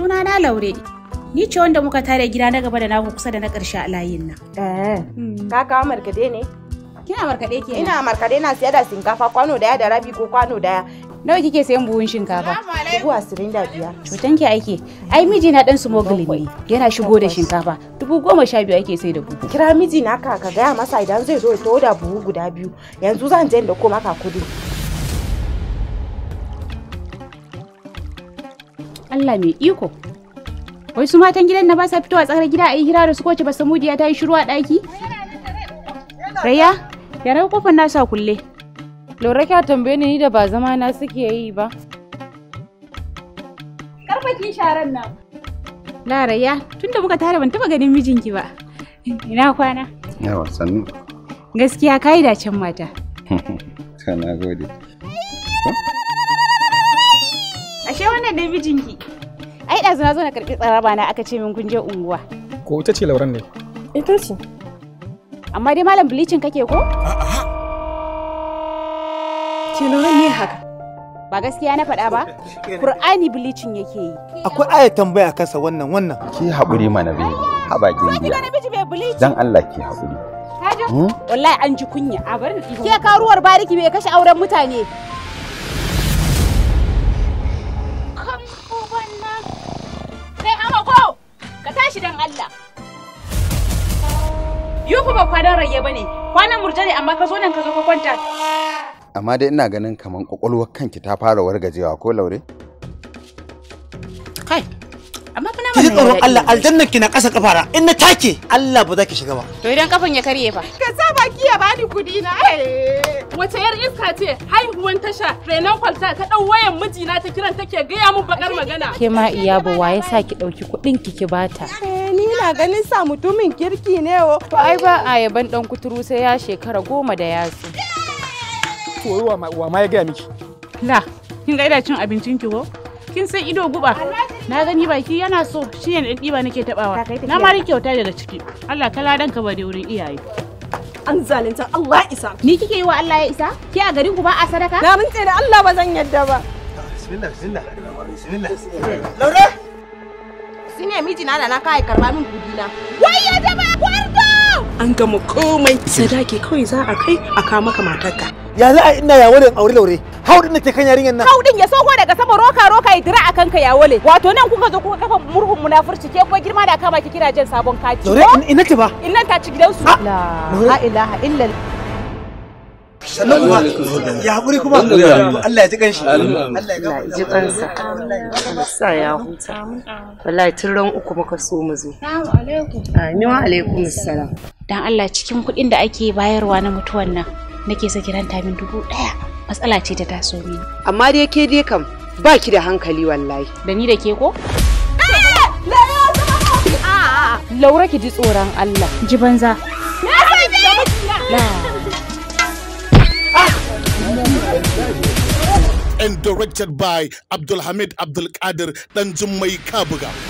Suna na Laure. Ni ce wanda muka tare gida na gaba da na kusa da na karshe a layin nan. Eh. Hmm. Ka kawo markade ne? Kina markade ke? Ina markade na siya da shinkafa kwano daya da rabi ko kwano daya. Nawa kike sayan buhun shinkafa? Dubu ashirin da biyar. Cutan ki aiki. Ai miji na dan smuggling ne. Yana shigo da shinkafa. Dubu goma sha biyu ake sai da buhu. Kira miji na ka ka gaya masa idan zai zo ya da buhu guda biyu. Yanzu zan je da koma ka kudu. Allah mai iko wai su matan gidan na ba sa fitowa tsakar gida a yi hira da su kowace ba samu ta yi shiru a ɗaki raya rai kofar na sa kulle Lora kya tambaye ni da ba zama na suke yi ba ki sharan nan tun tunda muka tare ban taba ganin mijinki ba ina kwana yawa sannu gaskiya ka yi dacen mata kana gode Ashe wannan da mijinki. Ai ɗazu na zo na karɓi tsaraba na aka ce min kun je unguwa. Ko ita ce lauran ne? Ita ce. Amma dai malam bilicin kake ko? Ke lauran ne haka? Ba gaskiya na faɗa ba? Kur'ani bilicin yake yi. Akwai aya tambaya kansa wannan wannan. Ki haƙuri mana bai. Haba gindiya. Dan Allah ki haƙuri. Kaji? Hmm? Wallahi an ji kunya. A bari na Ke karuwar bariki bai kashe auren mutane. Yau ba kwanan rayya ne Kwanan murjani amma ka zo nan ka zo ka kwanta. Amma dai ina ganin kaman kwakwalwar kanki ta fara wargajewa ko laure? ki ji tsoron Allah aljanna ki na ƙasa kafara in na take Allah ba za ki shiga ba to idan kafan ya karye fa ka sa baki ya bani kudi na eh. wace yar iska ce haihuwan tasha renan kwalta ta dau wayan mijina ta kiran take gaya mun bakar magana ke ma iya ba waye sa ki dauki kudin ki ki bata eh, ni na ganin sa mutumin kirki ne wo oh. to ai ba a yaban dan kuturu sai ya shekara goma da yatsu to wa ma ya gaya miki la kin ga ina cin abincin ki ko kin san ido guba na gani baki yana so shi ne ɗiba nake taɓawa na mari kyauta daga ciki Allah ka ladan ka bade wurin iyaye an zalunta Allah isa ni kike yi wa Allah ya isa ke a garin ku ba a sadaka na mun da Allah ba zan yadda ba bismillah bismillah bismillah laura sine miji na da na kai karba min kudi na wai ya an gama komai sadaki kawai za a kai a kama maka matarka ya za a ina yawo da aure laure haudin da ke kan yarinyar nan haudin ya sauko daga sama roka roka ya dira akan ka yawole wato nan kuka zo kuka kafa murhun munafurci ke kuma girma da kama ki kira jan sabon kati laure ina ce ba ina ta ci gidansu la ilaha illa sannan kuma ya haƙuri kuma Allah ya ji kanshi Allah ya ji kansa sa ya huta wallahi tun ran uku muka so mu zo amin wa alaikum assalam dan Allah cikin kuɗin da ake bayarwa na mutuwan nan nake sa kiranta min dubu ɗaya matsala ce ta taso mini amma dai ke dai kam ba ki da hankali wallahi da ni da ke ko Laura ki ji tsoron Allah ji banza ah. And directed by Abdulhamid Abdulkadir Danjumai Kabuga.